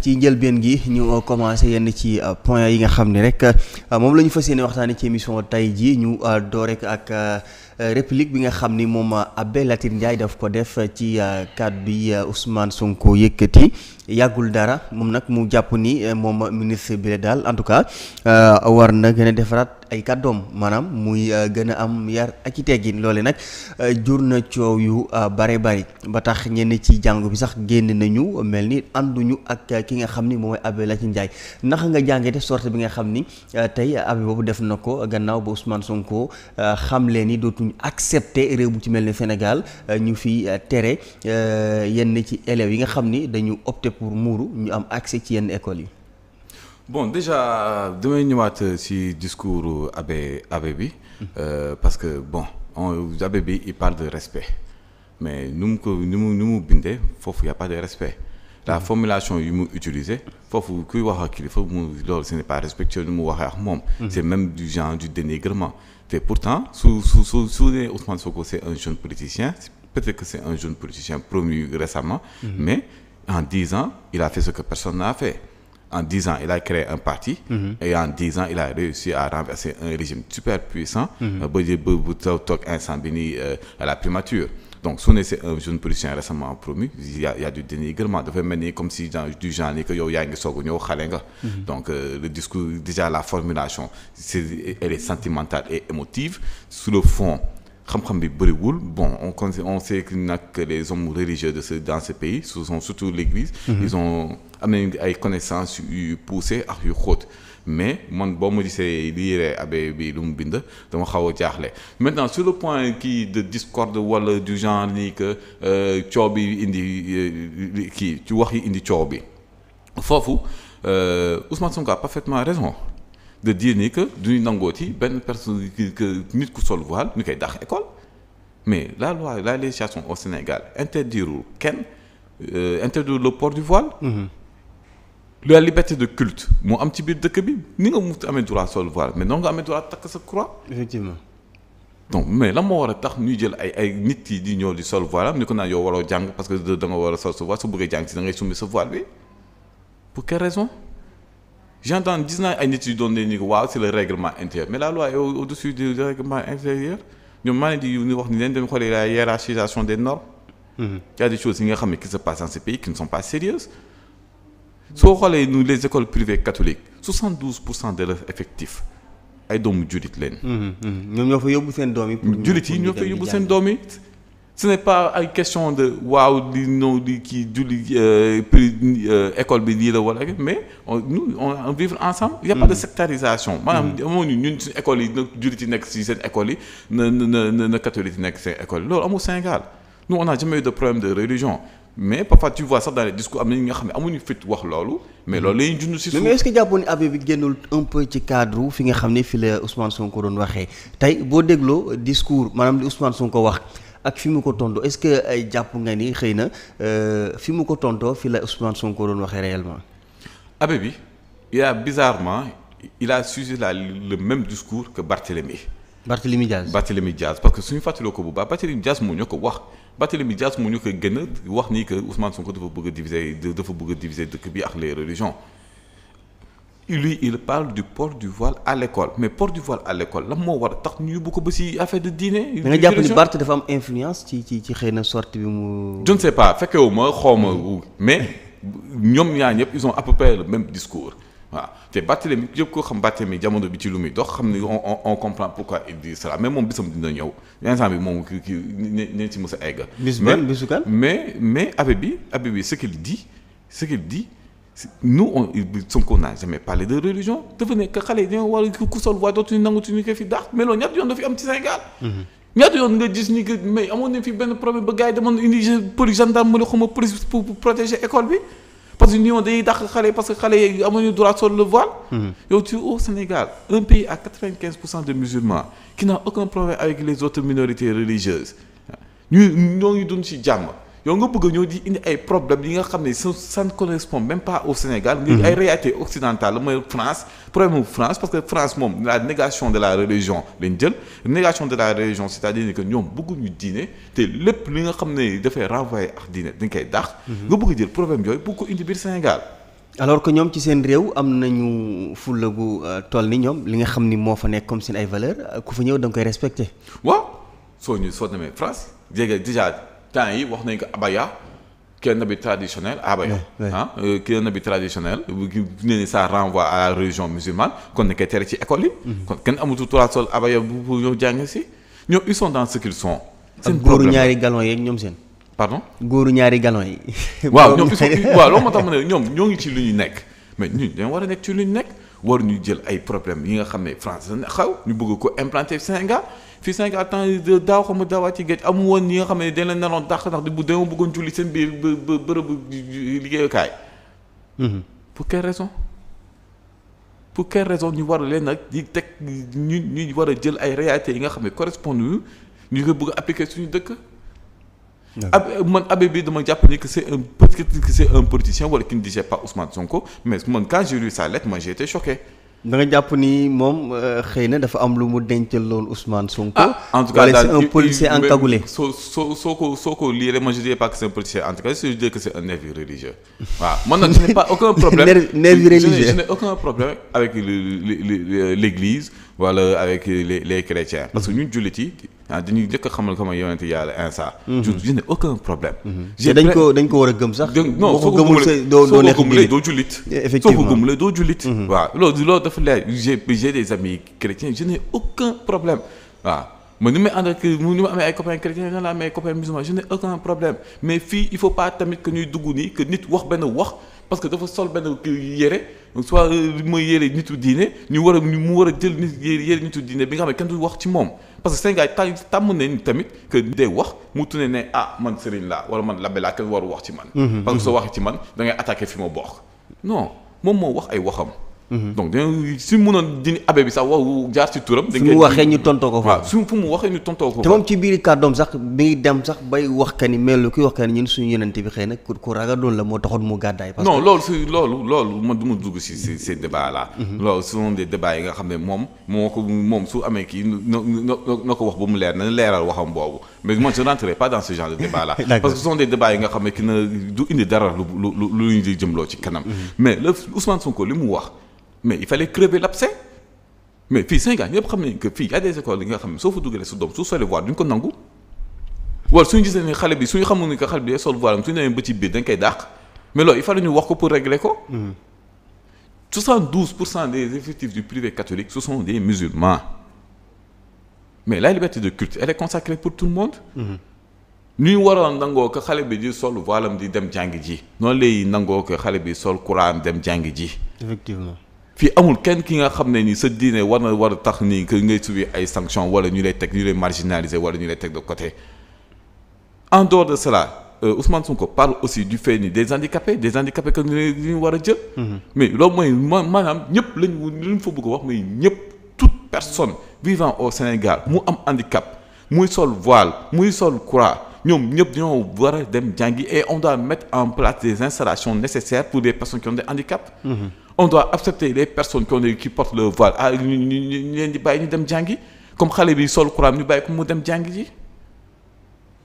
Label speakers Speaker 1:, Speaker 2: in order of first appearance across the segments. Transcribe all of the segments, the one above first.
Speaker 1: ci njëlbéen gi ñu euh, commencé yenn ci euh, point yi nga xam ne rek euh, moom la ñu fas yéene waxtaanee ci émission tey ji ñu door rek ak. Euh, réplique bi nga xam ni moom euh, Abbé Latyr Ndiaye daf ko def euh, ci kàddu bi Ousmane Sonko yëkkati yàggul dara moom nag mu jàpp ni moom ministre bi la daal en tout cas war na gën a defaraat ay kàddoom maanaam muy gën a am yar ak i loole nag jur na coow yu bare bari ba tax ñenn ci jàngu bi sax génn nañu mel ni ànduñu ak ki nga xam ni mooy Abbé Latyr Ndiaye naka nga jàngee def sorte bi nga xam ni tey Abbé boobu def na ko gannaaw ba Ousmane Sonko xam leen ni accepté réew bu ci mel ni Sénégal euh, ñu fi euh, tere euh, yenn ci élèves yi nga xam ni dañu opté pour muuru ñu am accès ci yenn école yi.
Speaker 2: bon déjà damay ñëwaat ci discours abbé abbé bi mm-hmm. parce que bon on bi il parle de respect mais nu mu ko nu mu nu mu bindee foofu y a pas de respect. la formulation yu mu utiliser foofu kuy wax ak kilifa mu loolu ce n'est pas respectueux ni mu waxee moom c'est même du genre du dénigrement te pourtant su su su su ne Ousmane Sonko c'est un jeune politicien peut-être que c'est un jeune politicien promu récemment mais en dix ans il a fait ce que personne n'a fait en dix ans il a créé un parti et en dix ans il a réussi à renverser un régime super puissant ba ba ba instant bi nii à la primature donc su ne c'est un euh, jeune politicien récemment promu y a y a du dénigrement dafay mel comme si du genre ni que yow yaa ngi soog a ñëw xale nga. Mhm. donc euh, le discours déjà la formulation c'est elle est sentimentale et émotive sur le fond. xam-xam bi bëriwul bon on on sait que nag les hommes religieux de ce dans ce pays ce sont surtout l'église mhm. ils ont am ay connaissances yu poussées ak yu xóot mais man boo ma gisee liiree abbé bii lu mu bind dama xaw a jaaxle maintenant sur le point kii de discorde wala du genre nii que euh, coow bi indi euh, kii ci wax yi indi coow bi foofu euh, Ousmane Sonko a parfaitement raison de dire ni que duñu nangooti benn personne que nit ku sol voile ñu koy dax école mais la loi la législation au Sénégal interdirul kenn interdire le port du voile. Mm-hmm. la liberté de culte moo am ci biir dëkk bi ni nga mu amee droit sol voile mais noonu nga amee droit takk sa croix. effectivement. donc mais lan moo war a tax ñuy jël ay nit yi di ñëw di sol voile am ni ko naan yow waroo jàng parce que da nga war a sol sa voile su bëggee jàng si da ngay sa voile bi pour quelle raison. j'entends gis naa ay nit yu doon ne ni waaw c'est le règlement intérieur mais la loi est au-dessus du règlement intérieur ñoom maa ngi wax ni leen dem xoolee des normes. Mm-hmm. il yi nga xam ne qui se passent dans soo xoolee nu les écoles privées catholiques 72 pour cent d'élèves effectifs ay doomu jullit leen. Mm-hmm, mm-hmm. ñoom ñoo fa yóbbu seen doom yi. jullit yi ñoo fa yóbbu seen doomi yi. ce pas ay question de waaw di ñëw di kii julli euh, prix euh, école bi lii la wala mais on nous on vivre ensemble. il y a pas de mm-hmm. sectarisation. maanaam amoo ñu ñun suñu yi na jullit yi nekk si seen école yi na na na na yi nekk seen école yi loolu amul Sénégal nous on n'a jamais eu de problème de religion. mais parfois tu vois sax dans les discours am na ñi nga xam ne amuñu fit wax loolu mais loolu lay dund si suuf mais est-ce
Speaker 1: ni Habib bi génnul un peu ci cadre fi nga xam ne fi la Ousmane ko doon waxee tey boo dégloo discours maanaam li Ousmane ko wax ak fi mu ko tontoo est-ce que ay euh, jàpp nga ni xëy na euh, fi mu ko tontoo fi la Ousmane Sonko doon waxee réellement
Speaker 2: Habib bi il a bizarrement il a suivi la le même discours que Barthélémy Barthélemy Diaz Barthélemy Diaz parce que suñu fàttaloo ko bu baax Barthélemy Diaz moo ñu ko wax Barthélemy Diaz moo ñu ko gën a wax nii que Ousmane Sonko dafa bëgg a diviser dafa bëgg a diviser dëkk bi ak les religions lui il parle du port du voile à l'école mais port du voile à l'école lan moo war tax ñu yóbbu ko ba ci affaire de diine. da jàpp ni Barth dafa am influence ci ci ci xëy
Speaker 1: na sorte bi mu. je
Speaker 2: ne sais pas fekkewu ma xaw ma mais ñoom ñaar ñëpp ils ont à peu près le même discours. waaw te Barthélémy yëpp koo xam Barthélémy jamono bi ci lu muy dox xam ni on on comprend pourquoi il dit cela mais moom bisam dina ñëw instant si mos a egg. mais mais Abbé bi Abbé bi ce qu'il dit ce qu'il dit nous on Sonko n'a jamais parlé de religion dafa nekk xale yi dañoo war a ku sol waaye dootuñu nangutuñu ko fi daax mais loolu ñett yoon dafa am ci Sénégal. Mhm. ñaata yoon nga gis ni que mais amoon nañ fi benn problème ba gars yi demoon pour protéger parce que ñoo day dàq xale parce que xale yi amuñu droit sur le voile. Mm-hmm. yow tu au Sénégal un pays à quatre-vingt-quinze pour cent de musulmans qui n'a aucun problème avec les autres minorités religieuses ñu ñoo ngi ci jàmm. yow nga bëgg ñoo di indi ay problème yi nga xam ne ça ne correspond même pas au Sénégal. nga ay mm-hmm. réalité occidentale mooy France problème mu France parce que France moom la négation de la religion lañ jël négation de la religion c'est-à-dire que ñoom bëgguñu diine lépp li nga xam ne dafay renvoyer ak diine dañ koy dàq. Mm-hmm. nga bëgg jël problème yooyu bëgg ko indi biir Sénégal.
Speaker 1: alors que ñoom ci seen réew am nañu fulla gu euh, toll nii ñoom li nga xam ni moo fa nekk comme seen ay valeur ku fa ñëw da nga koy respecté.
Speaker 2: waaw soo ñu soo demee France jege déjà. temps yi wax nañ ko abaya kenn bi traditionnel abaya ah euh, kenn bi traditionnel bu ne ça renvoie à la religion musulmane kon ne koy tere ci école yi mhm. kon kenn amatu trois sol abaya bu pour ñëw jàng si ñoom ils sont dans ce qu'ils sont seen góoru ñaari galon yeeg ñoom seen pardon góoru ñaari galon yi waaw ñoom waaw loolu moo tax ma ne ñoom ñoo ngi ci lu ñu nekk mais ñun dañu war a nekk ci lu ñu nekk waruñu jël ay problème yi nga xam ne France xaw ñu bëgg ko implanter Sénégal fii cinq temps daaw xam nga daawaat ci géej amu woon ñi nga xam ne dañ leen naroon dàq ndax bu dama bëggoon julli seen biir ba bërëbu liggéeyukaay. Mm-hmm. pour quelle raison pour quelle raison ñu war leen nag di teg ñu ñu war a jël ay réalités yi nga xam ne correspondent ñu ko bëgg a suñu dëkk. ab man abbé bi dama jàpp ni que c' est un peut-être que c' est un politicien wala qui ne pas Ousmane Sonko mais man quand j'ai lu sa lettre moi da nga jàpp ni moom euh, xëy na dafa
Speaker 1: am lu mu dencal loolu Ousmane Sonko. ah en tout cas daal c'est un policier encagoulé.
Speaker 2: soo soo soo ko soo ko lii rek moi je dirais pas que c'est un policier encagoulé je dirais que c'est un nervi religieux. waaw man nag je n'ai pas aucun problème nervi religieux je avec l'église wala avec les les chrétiens. parce que ñun jullit yi. ah dañuy njëkk a xamal sama yonent yàlla insa mhm. je n'ai aucun problème. Mhm. dañ
Speaker 1: ko war a gëm sax. non soo ko gëmulee doo doo nekk jullit doo jullit. effectivement soo ko gëmulee
Speaker 2: doo jullit. Mhm. waaw loolu loolu dafa leer j'ai j'ai des amis chrétiens je n'ai aucun problème waaw. man ni may ànd ak ni ma amee ay copains chrétiens nan la amee ay copains musulmans je n'ai aucun problème mais fii il faut pas tamit que ñuy dugg nii que nit wax benn wax parce que dafa sol benn yére soit euh, mooy yére nitu diine ñu war a mu war a jël nit yére nitu diine bi wax ci moom parce que Sénégal ta tàmm nañ tamit que day wax mu tuddee ne ah man sëriñ laa wala man labbe laa kenn waru wax ci man. Mhm, parce que soo mhm. waxee ci man da ngay attaqué fi ma bokk. non moom moo wax ay waxam. Mhm. donc dañu si a dindi abe bi sax waaw jaar ci turam. fi mu waxee ñu tontoo ko fa waaw fu mu waxee ñu tontoo ko. te moom ci
Speaker 1: biir kàddoom sax bi ngi dem sax bay wax ka wax ka ni ñun suñu yonent bi xëy na ku ku ragal moo taxoon mu gàddaay. parce que non loolu
Speaker 2: si loolu mhm. yi nga xam ne moom moo ko moom su amee kii na ko wax ba mu leer na leeral waxam boobu mais moi je rentrerai pas dans ce genre de débat parce que ce sont des débats yi nga xam ne ki na du indi dara lu lu lu lu ñu jëmloo ci kanam. Mhm. mais le Ousmane Sonko li mu wax mais il fallait crever l'abcès mais fii Sénégal ñëpp xam nañ que fii y nga xam ne soo fa dugalee su doom su solee voile duñ ko nangu wala suñu gisee ne xale bi suñu xamul ni que xale bi day sol voile ba ci biir dañ koy dàq mais wax ko pour régler ko. 72 mm-hmm. pour cent des effectifs du privé catholique ce sont des musulmans mais la liberté de culte elle est consacrée pour tout le monde. Mm-hmm. ñuy waroon nangoo ko xale bi di sol voilam di dem jàng ji. noonu lay nangoo ko xale bi sol Coran dem jàng ji. effectivement. fii amul kenn ki nga xam ne ni sa diine war na war a tax nii que ngay subir ay sanctions wala ñu lay teg ñu lay marginaliser wala ñu lay teg de côté en dehors de cela euh, Ousmane ko parle aussi du fait ni des handicapés des handicapés que ñu ñu war a jël. Mhm. mais loolu mooy ma maanaam ñëpp lañ luñ fa bëgg a wax mooy ñëpp toute personne vivant au Sénégal mu am handicap muy sol voile muy sol croix. ñoom ñëpp dañoo war a dem jàngi et on doit mettre en place des installations nécessaires pour des personnes qui ont des handicaps. Mmh. on doit accepter les personnes qui ont des qui portent le ah, leen di bàyyi ñu dem jàngi comme xale bi sol kuraam ñu bàyyi ko mu dem jàngi ji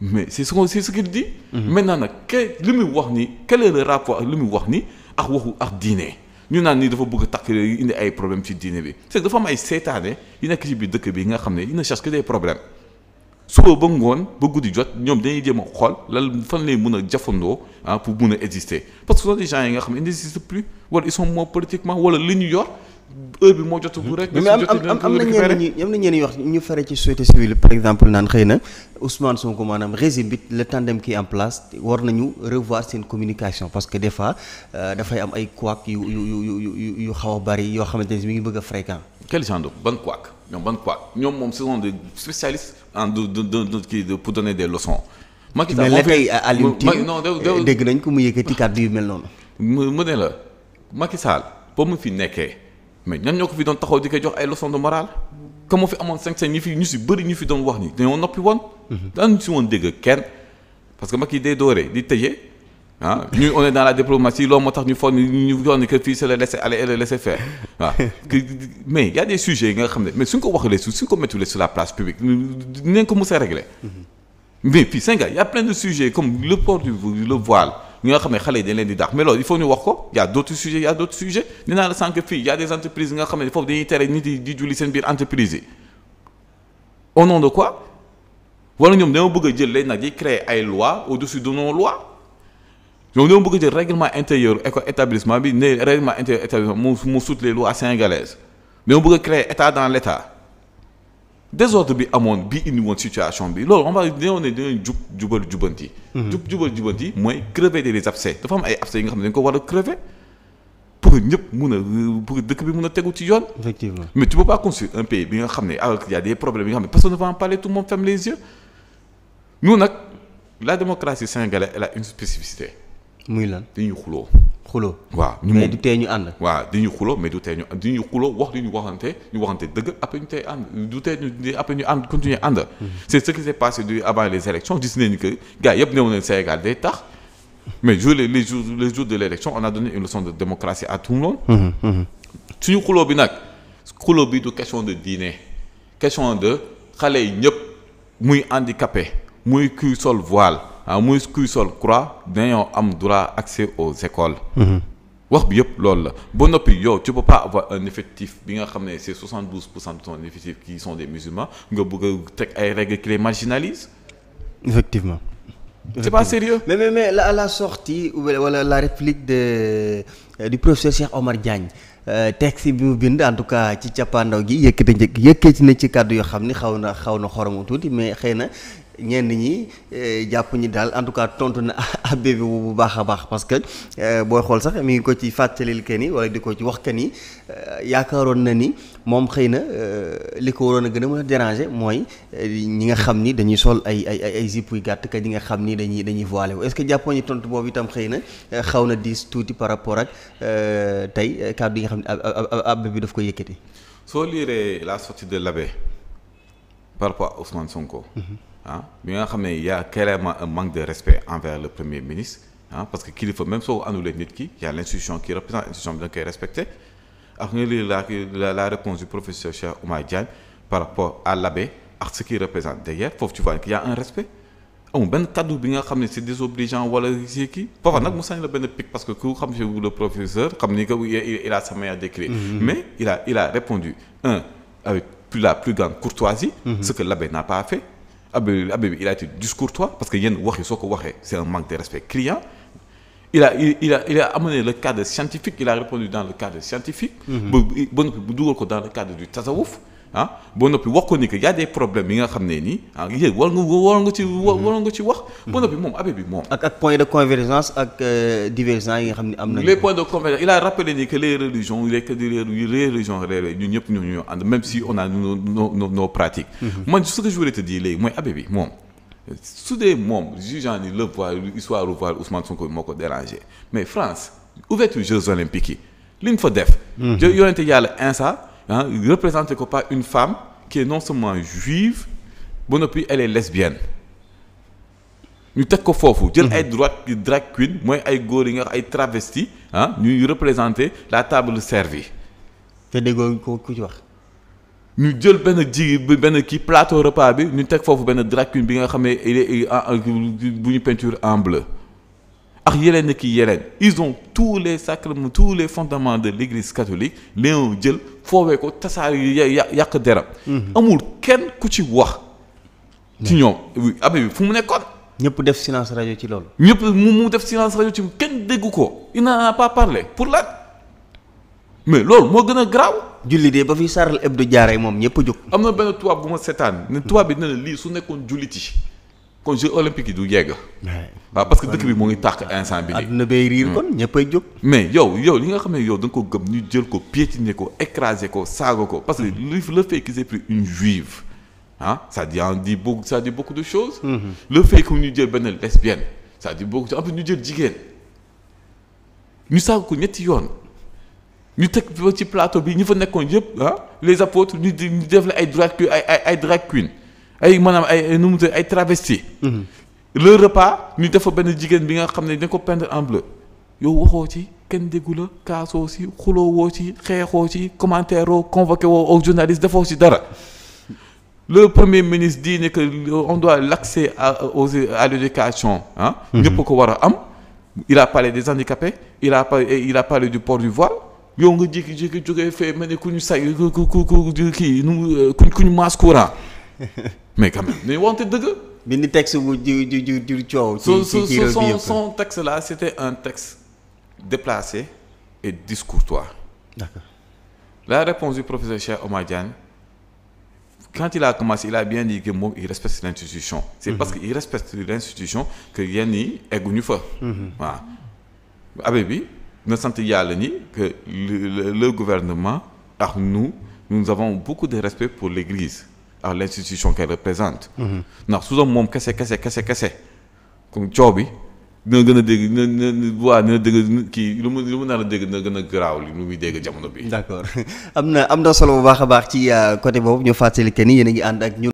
Speaker 2: mais c'est ce qu'on c'est ce qu'il dit. Mm-hmm. maintenant nag que li muy wax ni quel est le rapport li muy wax ni ak waxu ak diine. ñu naan nii dafa bëgg a takk indi ay problème ci diine bi c'est dafa am ay seetaane yu nekk ci biir dëkk bi nga xam ne il ne cherche que des problèmes. suba ba ngoon ba guddi jot ñoom dañuy jéem a xool lan fan lay mën a jafandoo ah, pour mun a exister parce que ce sont des yi nga xam ne ils n'existent plus wala ils sont morts politiquement wala li ñu yor heure bi moo jotagul rek. mais am am am na ñenn
Speaker 1: ñi am na ñenn wax ñu fere ci société civile par exemple naan xëy na Ousmane Sonko maanaam régime bi le tandem qui est en place war nañu revoir seen communication parce que des fois euh, dafay am ay couac yu xaw a bari yoo xamante ne mi ngi bëgg a fréquent.
Speaker 2: quel genre ban couac ñoom ban en ah, du du du kii pour donner des leçons. Macky dégg nañ ko mu yëkkati kàddu yu mel noonu. mu mu ne la Macky Sall ba mu fi nekkee mais ñan ñoo ko fi doon taxaw di koy jox ay leçons de morale. comme moo fi amoon cinq cinq ñi fi ñu si bëri ñu fi doon wax ni dañoo noppi woon. Mhm. daan ñu si woon dégg kenn parce que Macky day dooree di tëjee. ah ñun on est dans la diplomatie loolu moo tax ñu foog ñu foog que fii c'est le laisser aller et le laisser faire waaw mais y a des sujets nga xam ne mais suñ ko waxulee suñ ko mettulee sur la place publique dinañ ko mos a régler mhm. mais fii Sénégal y a plein de sujets comme le port du le voile nga xam ne xale yi dañ leen di dàq mais loolu il faut ñu wax ko y a d'autres sujets y a d'autres sujets nee naa la sànq fii y a des entreprises nga xam ne foofu dañuy tere nit yi di julli seen biir entreprise yi au nom de quoi ñoom dama bëgg a jël léegi nag di créer ay lois au-dessus de nos ñoom ñoo bëgg jël règlement intérieur éco établissement bi ne règlement intérieur établissement mu mu suut les lois sénégalaises ñoo bëgg a créer état dans l' état désordre bi amoon bi indi woon situation bi loolu on va dañoo ne dañoo jub jubal jubanti. Mhm. jubal jubanti mooy crever des abcès ay abcès yi ko war a crever ñëpp mun a dëkk bi mun a tegu ci yoon. effectivement mais tu peux pas construire nga xam ne alors y a des problèmes yi nga xam ne personne ne va en parler tout le monde nag la démocratie sénégalaise elle a une spécificité. muy lan dañuy xuloo xuloo waaw ñu moom mais du tee ñu ànd waaw dañuy xuloo mais du tee ñu ànd dañuy xuloo wax li ñu waxante ñu waxante dëgg après ñu tey ànd du tee ñu après ñu ànd continuer ànd mm-hmm. c'est ce qui s'est passé du avant les élections gis nañu que gars yëpp newoon nañu Sénégal day tax mais jour les jours les jours de l'élection on a donné une leçon de démocratie à tout le monde mm-hmm, mm-hmm. suñu xuloo bi nag xuloo bi du question de diine question de xale yi ñëpp muy handicapé muy kuy sol voile à moins kuy sol croix dañoo am droit accès aux écoles. Mm-hmm. wax bi yëpp loolu la ba noppi yow ci peux pas avoir un effectif bi nga xam ne c'est 72 pour cent de ton effectif qui sont des musulmans nga bëgg a teg ay règles qui les marginalisent.
Speaker 1: effectivement. c'est pas sérieux. mais mais la la sortie wala la réplique de euh, du professeur Cheikh Omar Diagne. Euh, texte bi mu bind en tout cas ci cappaandaw gi yëkkati njëkk yëkkati na ci kàddu yoo xam ni xaw na xaw na xoromu tuuti mais xëy na ñenn ñi eh, jàpp ñi daal en tout cas tontu na abbé bi bu baax a baax parce que eh, booy xool sax mi ngi ko ci fàttalil ken yi wala di ko ci wax ken yi eh, yaakaaroon na ni moom xëy na li ko waroon a gën a mën a déranger mooy ñi nga xam ni dañuy sol ay ay ay ay zip yu gàtt ka ñi nga xam ni dañuy dañuy voilé wu est que jàppoo ñi tontu boobu itam xëy na xaw na diis tuuti par rapport ak tey kàddu yi nga xam ne
Speaker 2: abbé bi daf ko yëkkati. soo liiree la sortie de l'abbé par rapport à ah bi nga xam ne y' a carrément un manque de respect envers le premier ministre ah, parce que kilifa même soo annulé nit ki y' a l' institution qui représente institution bi da nga koy respecté ak nga la réponse du professeur Cheikh Oumar Diagne par rapport à l'abbé ak ce qu'il représente derrière foofu tu vois qu'il y a un respect amul benn kaddu bi nga xam ne c'est désobligeant wala si kii parfois nag mu sañ la pic parce que ku xam xam ni que il a sa mm-hmm. la plus Abbé Abbé bi il a été discourtois parce que yenn wax yi soo ko waxee c'est un manque de respect client il a il, il a il a amené le cadre scientifique il a répondu dans le cadre scientifique. Mm-hmm. ba ba bu dugal ko dans le cadre du tasawuf ah boo noppi wax ko ni que y a des yi nga xam ne nii ah, war nga war nga ci mm-hmm. wax. boo mm-hmm. noppi moom abe bi moom. ak ak point de convergence ak euh, divergence yi nga xam ne am nañu. les points de convergence il a rappelé ni que les religions les les religions réelles ñun ñëpp ñoo ñoo ànd si on a nos nos nos pratiques. Mm-hmm. man ce que je voulais te dire léegi mooy abe bi moom. su dee moom jugeant ni le voir histoire revoir Ousmane Sonko moo ko dérangé mais France ouverture Jeux olympiques ah représenté ko par une femme ki est non seulement juive ba noppi elle est lesbienne ñu teg ko foofu. jël mhm. ay droite drag mooy ay góor yi nga ay travesti ah ñuy représenter la table servie. te déggoo ko ku ci wax. ñu jël benn ji benn kii plateau repas bi ñu teg foofu benn drag bi nga xam ne il bu ñu peinture en ak yeneen ki yeneen ils ont tous les sacrements tous les fondements de l'église catholique léon jël foowee ko tasaar yu yàq deram mhm. amul kenn ku ci wax ci ñoom abbé bi fu mu nekkoon ñëpp def silence rajo ci loolu ñëpp mu mu def silence rajo ci kenn dégg ko il n'en pas parlé pour lan mais loolu moo gën a garaaw julli de ba fi Charlie Hebdo jaaree moom ñëpp jóg am na benn tubaab bu ma seetaan ne tubaab bi ne na lii su nekkoon julliti kon jeux olympiques yi du yegg. waaw parce que dëkk bi mu ngi tàkk instant bi. àdduna bay riir hmm. mais yow yow li nga xam ne yow da nga ko gëm ñu jël ko piétiner ko écraser ko saaga ko parce que hmm. le fait qu'ils aient pris une juive ah ça dit en dit beaucoup ça dit beaucoup de choses. Hmm. le fait que ñu jël benn lesbienne ça dit beaucoup en plus ñu jël jigéen ñu saaga ko ñetti yoon. ñu teg ci plateau bi ñu fa nekkoon yëpp ah les apôtres ñu di def la ay drag ay ay ay drag queen ay maanaam ay nu mu ay travesti mhm. le repas ñu def fa benn jigéen bi nga xam ne dañ ko peindre en yow waxoo ci kenn déggula la kaasoo ci xuloo ci xeexoo ci commentaire oo convoqué woo aux journalistes defoo ci dara le premier ministre dit ne que on doit l'accès à aux à l'éducation ah mhm. ñëpp ko war a am il a parlé des handicapés il a parlé il a parlé du port du voile yow nga jékki-jékki jógee fee mel ne ku ñu say ku ku ku kii nu euh, kuñ ku ñu masse courant mais quand même
Speaker 1: dañu wante dëgg. bind texte wu ju son son
Speaker 2: texte là c' était un texte déplacé et discourtois. d' accord la réponse du professeur Cheikh Omar Diagne quand il a commencé il a bien dit que moom il respecte l' institution. parce mhm. que il respecte l' institution que yenn yi egguñu fa. Mhm. waaw abbé bi na sant yàlla ni que le, le, le gouvernement ak nous nous avons beaucoup de respect pour l' église. à l' institution qu'elle représente. ndax su doon moom kese kese kese kese. kon coow bi dina gën a dégg dina dina waa dina dégg kii lu mu lu mu nar a dégg dina gën a garaaw li muy dégg jamono bi. d' accord
Speaker 1: am na am na solo bu baax a baax ci euh, côté boobu ñu fàttali que ni yéen a ngi ànd ak ñun.